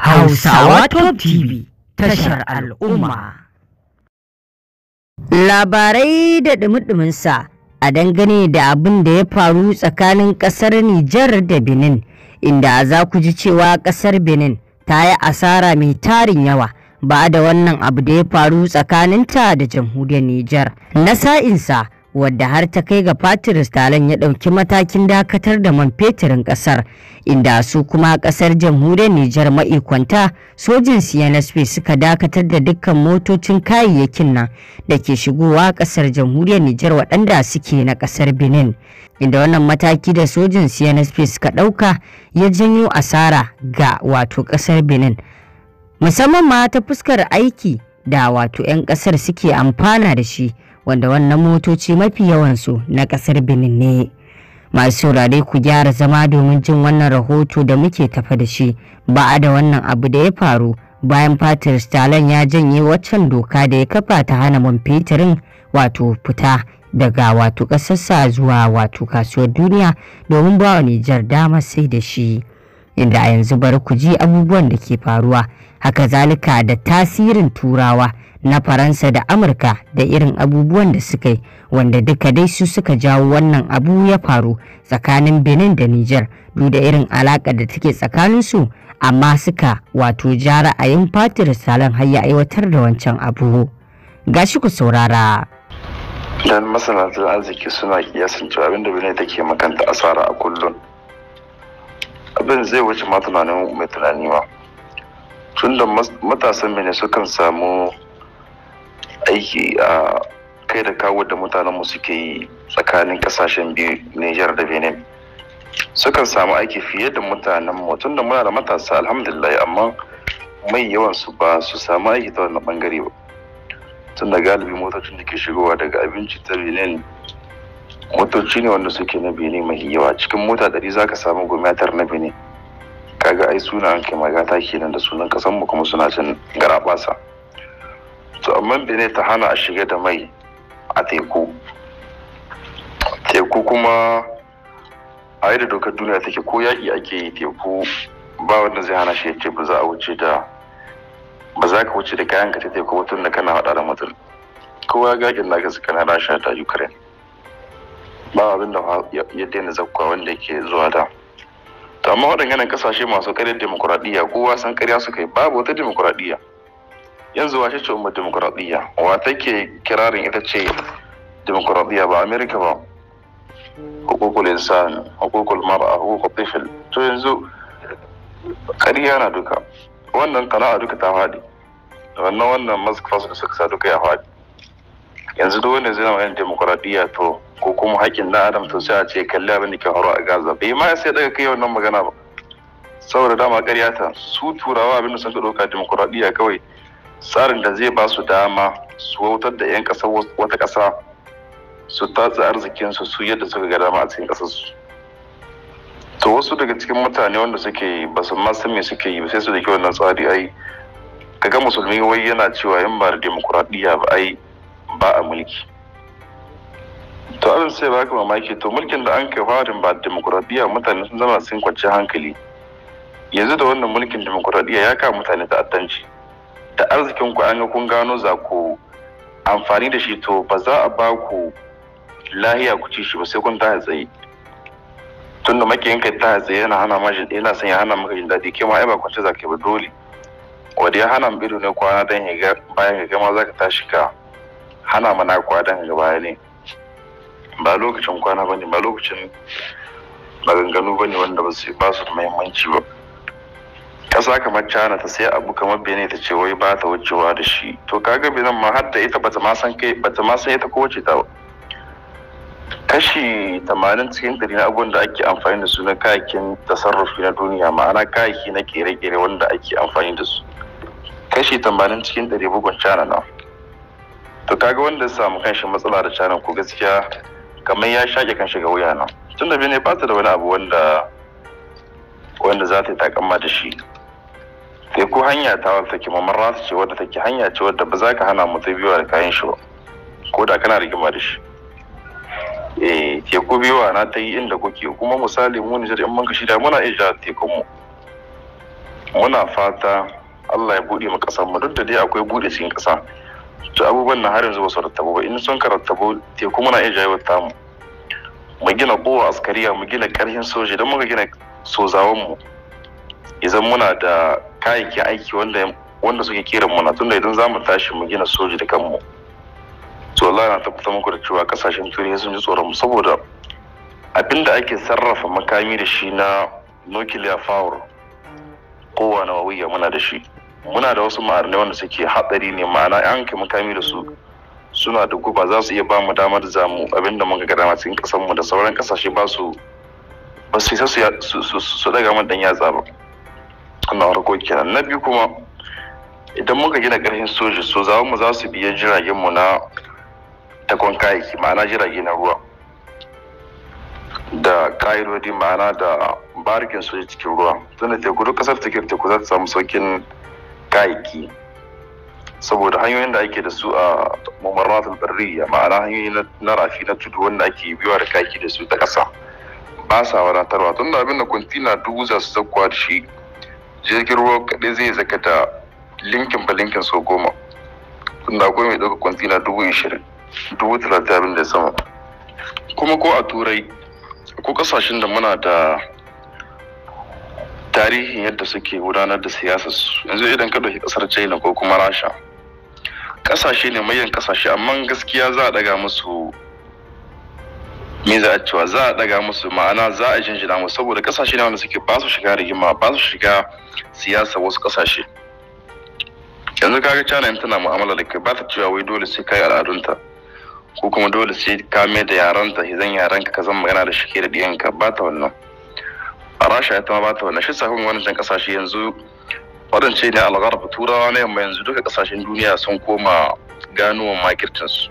Hausawa Top TV tashar al'umma. Labarai da ɗumi sa a dangane da abin da ya faru tsakanin ƙasar Nijar da Benin, inda za ku ji cewa ƙasar Benin ta yi asara mai tarin yawa ba da wannan abu da ya faru tsakaninta da jamhuriyar Nijar. Na sa'insa wadda har ta kai ga Patrice Talon ya ɗauki matakin dakatar da man fetirin ƙasar inda su kuma ƙasar jamhuriyar Nijar ma'ikwanta sojin CNSP suka dakatar da dukkan motocin kayayyakin nan da ke shigowa ƙasar jamhuriyar Nijar waɗanda suke na ƙasar Benin inda wannan mataki da sojin CNSP suka ɗauka ya janyo asara ga wato ƙasar Benin musamman ma ta fuskar aiki da wato 'yan ƙasar suke amfana da shi. wanda wannan motoci mafi yawansu na kasar benin ne masu saurare ku gyara zama domin jin wannan rahoto da muke tafa da shi ba a da wannan abu da ya faru bayan fatir stalin ya janye waccan doka da ya kafa ta hana man fetirin wato fita daga wato ƙasarsa zuwa wato kasuwar duniya domin ba wa nijar damar sai da shi inda a yanzu bari ku ji abubuwan da ke faruwa haka zalika da tasirin turawa na faransa da amurka da irin abubuwan da suka yi wanda duka dai su suka jawo wannan abu ya faru tsakanin benin da niger duk da irin alaƙa da take tsakaninsu amma suka wato ja ra'ayin fatir salon har aiwatar da wancan abu gashi ku saurara dan masana arziki suna kiyasan cewa abinda benin take makanta asara a kullum abin zai wuce ma tunanin mai tunani ma tun da matasan mene sukan samu aiki a kai da kawo da mutanenmu suke yi tsakanin kasashen biyu nijar da benin sukan samu aiki fiye da mutanenmu tun da muna da matasa alhamdulillah amma mai yawan su ba su samu aiki ta wannan bangare ba tun da galibi motocin da ke shigowa daga abinci ta benin motoci ne wanda suke na bene mai yawa cikin mota ɗari za ka samu gwamnatar na bene kaga ai sunan kai magata kenan da sunan kasan mu kuma suna cin garabasa to amma bene ta hana a shiga da mai a teku teku kuma a yi da dokar duniya take ko yaƙi ake yi teku ba wanda zai hana shi ya ce ba za a wuce da ba za ka wuce da kayan ka ta teku mutum da kana haɗa da mutum kowa ya gaƙin na gaske na rasha da ukraine ba abin da ya daina zakwa wanda ke zuwa da to amma waɗannan kasashe masu karyar demokuraɗiyya kowa san karya suka yi babu wata demokuraɗiyya yanzu wace ce umar demokuraɗiyya wa take kirarin ita ce demokuraɗiyya ba amerika ba hukukul insan hukukul mar'a hukukul tifil to yanzu karya na duka wannan a duka ta faɗi wannan wannan masu fasa su suka sa duka ya faɗi yanzu dole zai zama demokuraɗiyya to ko kuma haƙƙin ɗan adam to sai a ce kalli abin da ke horo a gaza bai ma sai daga kai wannan magana ba saboda dama ƙarya ta su turawa abin da sun fi ɗauka demokuraɗiyya kawai tsarin da zai ba su dama su wautar da 'yan ƙasa wata ƙasa su tatsa arzikinsu su yadda suka ga dama a cikin ƙasarsu to wasu daga cikin mutane wanda suke ba su ma san me suke yi ba sai su da wannan tsari ai kaga musulmi wai yana cewa yan ba da demokuraɗiyya ba ai ba a mulki to abin sai baka mamaki to mulkin da an kai farin ba demokuraɗiyya mutane sun zama sun kwanci hankali yanzu da wannan mulkin demokuraɗiyya ya kawo mutane ta'addanci da arzikin ku an ga kun gano za ku amfani da shi to ba za a ba ku lahiya ku ci shi ba sai kun ta tsaye tunda makiyin ka ta tsaye yana hana shi yana son ya hana maka jin daɗi ke ma ai ba kwance za ka yi ba dole wanda ya hana mu ido ne kwana dan ya ga bayan ya gama za ka tashi ka hana mana kwadon gaba ne ba lokacin kwana ba ne ba lokacin maganganu ba ne wanda ba su da muhimmanci ba ƙasa kamar china ta sai abu kamar benin ta ce wai ba ta wucewa da shi to kaga benin ma har da ita bata ma san kai bata ma san ita ko wace ta ba kashi tamanin cikin ɗari na abubuwan da ake amfani da su na kayakin tasarrufi na duniya ma'ana kayaki na kere-kere wanda ake amfani da su kashi tamanin cikin ɗari bugun china na to kaga wanda ya samu kanshi matsala da canan ko gaskiya kamar ya shaƙe kanshi ga wuya nan tun da ne ba ta da wani abu wanda wanda za ta yi takamma da shi sai ko hanya ta wata take mamar rasu ce wadda take hanya ce wadda ba za ka hana mutum biyuwa da kayan shi ba ko da kana rigima da shi eh teku biyuwa na ta yi inda kuke kuma misali mu Nijar in manka da muna iya jihar tekun mu muna fata Allah ya buɗe mu ƙasar mu duk da dai akwai buɗe cikin ƙasa to abubuwan na har yanzu ba su rattabu ba in sun ka rattabu kuma na iya jawo ta mu gina kowa askariya mu gina karhin soji don muka gina sozawanmu idan muna da kayayyakin aiki wanda suke kiran muna tunda idan za mu tashi mu gina soji da kanmu to Allah na tabbatar muku da cewa kasashen turai sun ji tsoron mu saboda abinda ake sarrafa makami da shi na nuclear power kowa na wawiya muna da shi muna da wasu ma'adanai wanda suke hatsari ne ma'ana an kai mukami da su suna da guba za su iya ba mu damar za mu abinda muka gada masu cikin kasanmu, mu da sauran kasashe ba su ba su su daga mu dan yatsa ba na farko kenan na biyu kuma idan muka gina karfin soja, so za mu za su biya jiragen mu na takon kayaki ma'ana jirage na ruwa da ka'idodi ma'ana da barikin soji cikin ruwa tunda teku duk kasar take teku za ta samu saukin kayaki saboda hanyoyin da ake da su a mumarratul barriya ma'ana hanyoyi na rafi na tudu wanda ake biyuwa da kayaki da su ta ƙasa ba sa wadatarwa tunda abin da kwantina dubu za su zakkuwa da shi jirgin ruwa kaɗai zai zaka da linkin ba linkin sau goma tunda akwai mai ɗauka kwantina dubu ishirin dubu talatin abin da sama kuma ko a turai ko ƙasashen da muna da tarihin yadda suke gudanar da siyasar su yanzu idan ka ɗauki ƙasar china ko kuma rasha ƙasashe ne mayan ƙasashe amma gaskiya za a ɗaga musu me za a cewa za a ɗaga musu ma'ana za a jinjina musu saboda ƙasashe ne wanda suke ba su shiga rigima ba su shiga siyasa wasu ƙasashe yanzu kaga china in tana mu'amala da kai ba ta cewa wai dole sai kai al'adunta ko kuma dole sai ka mai da yaranta zan yaranka ka zan magana da shi ke da ɗiyanka ba ta wannan A rasha ya ba ta wannan shi safin wannan kasashe yanzu wadance ne algarba turawa na yamma yanzu duka kasashen duniya sun koma ganuwan makircinsu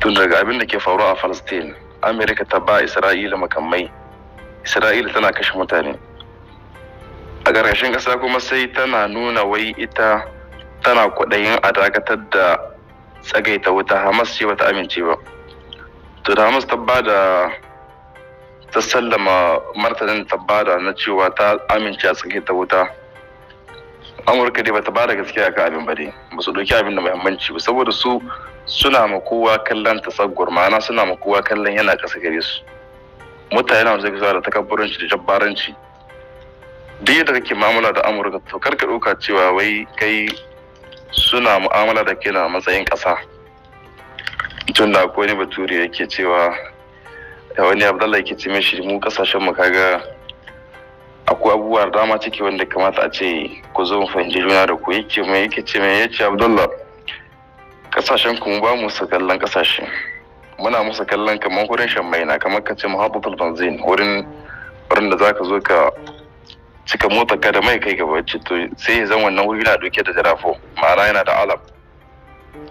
tun daga abin da ke faruwa a palestine amerika ta ba isra'ila makamai isra'ila tana kashe mutane a ƙarƙashin ƙasa kuma sai tana nuna wai ita tana kwaɗayin a dakatar da tsagaita wuta hamas ce bata amince ba to da hamas ta ba da ta sallama martanin tabbada na cewa ta amince a tsakiyar ta wuta amurka dai bata bada gaskiya kan abin ba ba su doki abin da muhimmanci ba saboda su suna ma kowa kallon tasaggur ma'ana suna ma kowa kallon yana ƙasa gare su mutane na zai da takabburanci da jabbaranci duk yadda kake mu'amala da amurka to karka ɗauka cewa wai kai suna mu'amala da kai na matsayin ƙasa tun da akwai wani bature yake cewa ta wani abdullahi ke ce mishi mu kasashen mu kaga akwai abubuwa da dama ciki wanda kamata a ce ku zo mu fahimci juna da ku yake mai yake ce mai yace abdullah kasashen ku mu ba mu su kallon kasashe muna musu kallon kamar wurin shan maina kamar ka ce muhabbatul banzin wurin wurin da zaka zo ka cika mota ka da mai kai gaba ce to sai ya zan wannan wuri na dauke da jarafo ma'ana yana da alam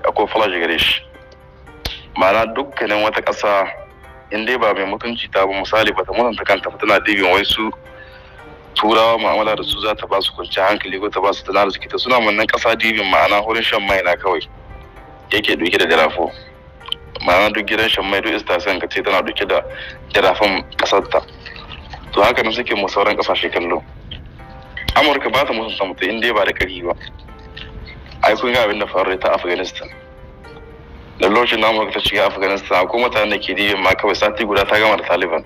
akwai flash gare shi ma'ana dukkanin wata ƙasa in dai ba mai mutunci ta ba misali ba ta mutunta kanta ba tana ɗigin wai su turawa mu'amala da su za ta ba su kwanci hankali ko ta ba su tana da suke ta suna wannan ƙasa dibin ma'ana wurin shan mai na kawai yake ɗauke da jarafo. ma'ana duk gidan shan mai duk istasen ka ce tana ɗauke da garafan ƙasar ta to haka nan suke mu sauran ƙasashe kallo amurka ba ta mutunta mutum in dai ba da ƙari ba ai kun ga abin da faru ta afghanistan da lokacin da amurka ta shiga afganistan akwai mutane da ke dibin ma kawai sati guda ta gama da taliban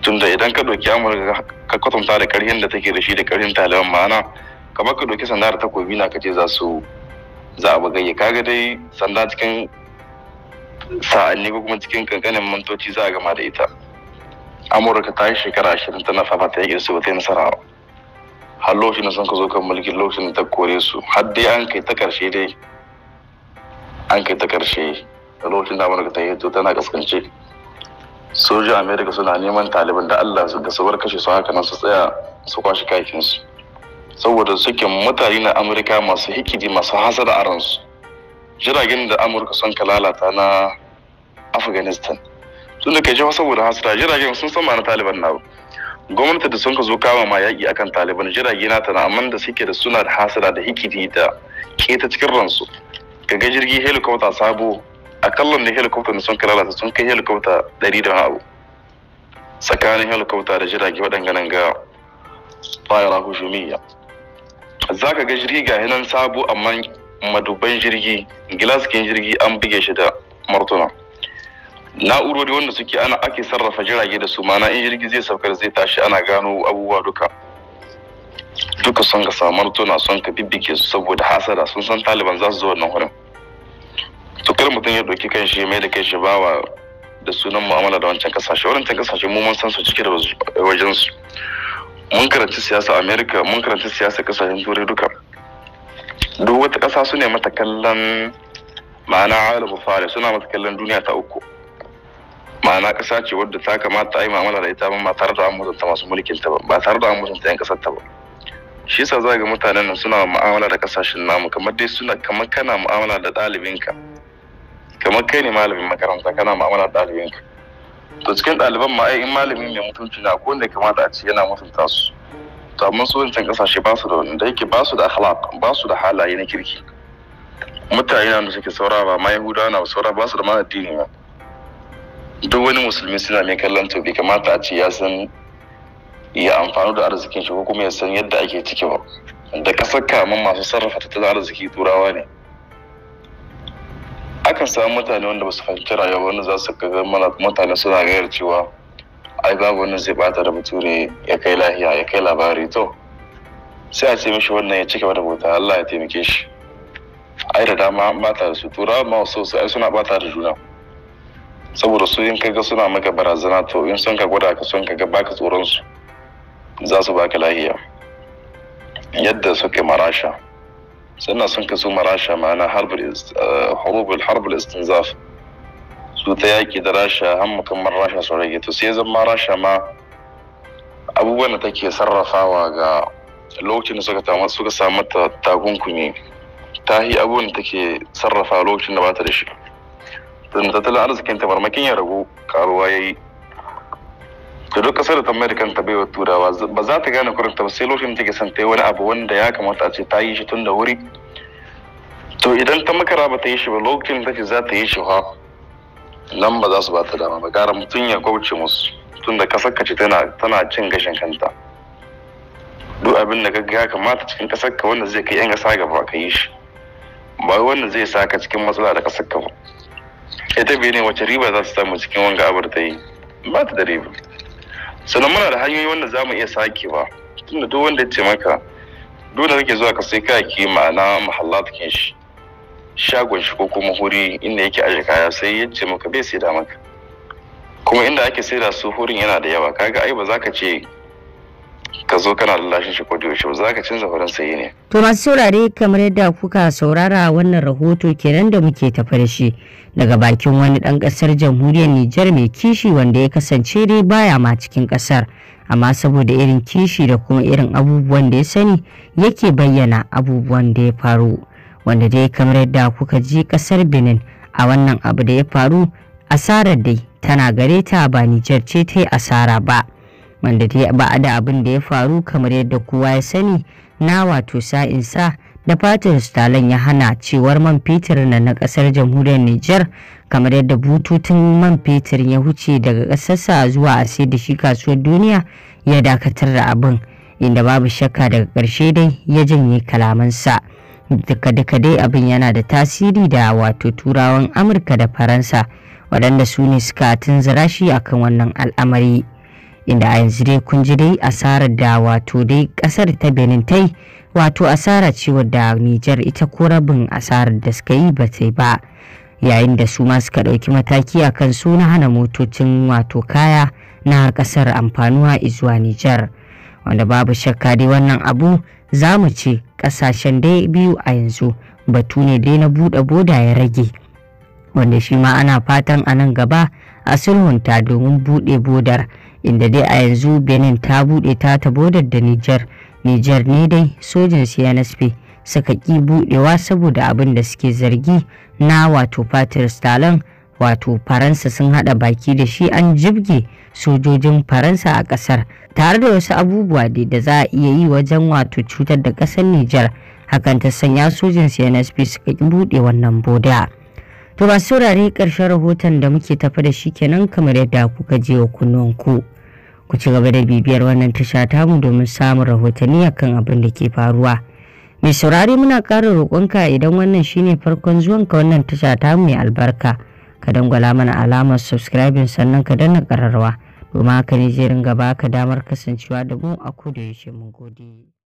tunda idan ka ɗauki amurka ka kwatanta da karhin da take da shi da karhin taliban ma'ana kamar ka ɗauki sanda da takobi na kace za su za a bugayya kaga dai sanda cikin sa'anni ko kuma cikin kankanin mantoci za a gama da ita amurka ta yi shekara ashirin tana ta yakin su ta yi nasara har lokacin da sun ka zo kan mulkin lokacin da ta kore su har dai an kai ta karshe dai an kai ta karshe a lokacin da amurka ta yi to tana kaskance sojin amerika suna neman taliban da allah da sabar kashe su haka nan su tsaya su kwashe kakinsu saboda suke mutane na amurka masu hikidi masu hasada a ransu jiragen da amurka sun ka lalata na afghanistan tun da kai jawa saboda hasada jiragen sun sama na taliban na gwamnati da sun ka zo kama ma yaƙi akan taliban jirage na tana amma da suke da suna da hasada da hikidi da keta cikin ransu ka ga jirgi helicopter sabo akalla da helicopter sun ka lalata sun kai helicopter ɗari da abu tsakanin helicopter da jirage waɗanda nan ga tsayara hujumiya za ka ga jirgi ga hinan sabo amma madubban jirgi gilaskin jirgi an buge shi da martuna na'urori wanda suke ana ake sarrafa jirage da su mana in jirgi zai saukar zai tashi ana gano abubuwa duka duka son ka samar na son ka bibbike su saboda hasada sun san taliban za su zo wannan wurin to kar mutum ya ɗauki kan shi mai da kai shi bawa da sunan mu'amala da wancan kasashe wancan kasashe mu mun san su cike da wajen su mun karanci siyasa america mun karanci siyasa kasashen turai duka duk wata ƙasa su ne mata kallon ma'ana alamu fare suna mata kallon duniya ta uku ma'ana ƙasa ce wadda ta kamata a yi mu'amala da ita ba tare da an mutunta masu mulkin ta ba ba tare da an mutunta 'yan ƙasar ta ba shi yasa za ga mutanen nan suna mu'amala da kasashen namu kamar dai suna kamar kana mu'amala da ɗalibinka kamar kai ne malamin makaranta kana mu'amala da ɗalibinka to cikin ɗaliban ma in malamin mai mutunci na ko wanda kamata a ce yana mutunta su to amma su wancan kasashe ba su da wani da yake ba su da akhlaq ba su da halaye na kirki mutane na suke saura ba ma yahudawa na saura ba su da ma addini ba duk wani musulmi suna mai kallon to bai kamata a ce ya san ya amfani da arzikin shi ko kuma ya san yadda ake ciki ba da kasar kamun masu sarrafa tattalin arziki turawa ne akan samu mutane wanda ba su fahimci rayuwa wanda za su ga mana mutane suna gayar cewa ai babu wannan zai bata da bature ya kai lahiya ya kai labari to sai a ce mishi wannan ya cika da bauta Allah ya taimake shi ai da dama mata da su turawa ma so su ai suna bata da juna saboda su in kaga suna maka barazana to in sun ka gwada ka sun ka ga baka tsoron su za su baka lahiya yadda suke marasha sannan sun kasu marasha ma'ana harbul eh, istinzaf su ta yaƙi da rasha hamma kamar rasha su rage to sai zama rasha ma abubuwan da take sarrafawa ga lokacin da suka suka samu takunkumi ta yi abubuwan da take sarrafa lokacin da ba ta da shi tattalin arzikin ta marmakin ya ragu karuwa ya yi to duk kasar da ta mai da kanta baiwa turawa ba za ta gane kuranta ba sai lokacin take son ta yi wani abu wanda ya kamata a ce ta yi shi tun da wuri to idan ta makara ba ta yi shi ba lokacin ta ce za ta yi shi ha nan ba za su ba ta dama ba gara mutum ya kauce musu tun da kasar ka ce tana cin gashin kanta duk abin da kaga ya kamata cikin kasar ka wanda zai kai yan kasa gaba ka yi shi ba wanda zai sa ka cikin matsala da kasar ka ba ita bai ne wace riba za ta samu cikin wanga abar ta yi ba ta da riba sannan muna da hanyoyi wanda za mu iya sakewa tunda duk wanda ya ce maka dole kake zuwa ka sai kayaki ma'ana mahallatakin shi shagon shi ko kuma huri inda yake aje kaya sai ya ce bai sai da maka kuma inda ake sai da su hurin yana da yawa kaga ai ba za ka ce ka zo kana lashin shi kodi yaushe za ka canza farin sayi ne. To masu saurare kamar yadda kuka saurara wannan rahoto kenan da muke tafa da shi daga bakin wani dan kasar jamhuriyar Nijar mai kishi wanda ya kasance dai baya ma cikin kasar Amma saboda irin kishi da kuma irin abubuwan da ya sani yake bayyana abubuwan da ya faru. Wanda dai kamar yadda kuka ji kasar Benin a wannan abu da ya faru asarar dai tana gare ta ba Nijar ce ta yi asara ba. wanda ta yaba da abin da ya faru kamar yadda kowa ya sani na wato sa'insa da fatan stalin ya hana cewar man fetur na na kasar jamhuriyar niger kamar yadda bututun man fetur ya huce daga ƙasarsa zuwa a sai da shi kasuwar duniya ya dakatar da abin inda babu shakka daga karshe dai ya janye kalamansa duka-duka dai abin yana da tasiri da wato turawan amurka da faransa waɗanda su ne suka tunzura shi akan wannan al'amari inda a yanzu dai kun ji dai asarar da wato dai kasar ta benin tai wato asara ce wadda nijar ita ko rabin asarar da suka yi ba ta ba yayin da su ma suka ɗauki mataki a kan su hana motocin wato kaya na kasar amfanuwa izuwa nijar wanda babu shakka dai wannan abu za mu ce ƙasashen dai biyu a yanzu batu ne dai na buɗe boda ya rage wanda shi ma ana fatan a nan gaba a sulhunta domin buɗe bodar inda dai a yanzu benin ta buɗe ta tabo da niger niger ne dai sojin cnsp suka ƙi buɗewa saboda abin da suke zargi na wato fatir stalin wato faransa sun haɗa baki da shi an jibge sojojin faransa a ƙasar tare da wasu abubuwa dai da za a iya yi wajen wato cutar da ƙasar niger hakan ta sanya sojin cnsp suka ƙi buɗe wannan boda to ba saurare karshen rahoton da muke tafi da shi kenan kamar yadda kuka je wa kunnuwanku. ku ku ci gaba da bibiyar wannan tasha tamu domin samun rahotanni akan abin da ke faruwa mai saurari muna ƙara roƙonka idan wannan shine farkon zuwan ka wannan tasha tamu mai albarka ka dangwala mana alamar subscribing sannan ka danna ƙararrawa domin haka ne zai ringa baka damar kasancewa da mu a koda yaushe mun gode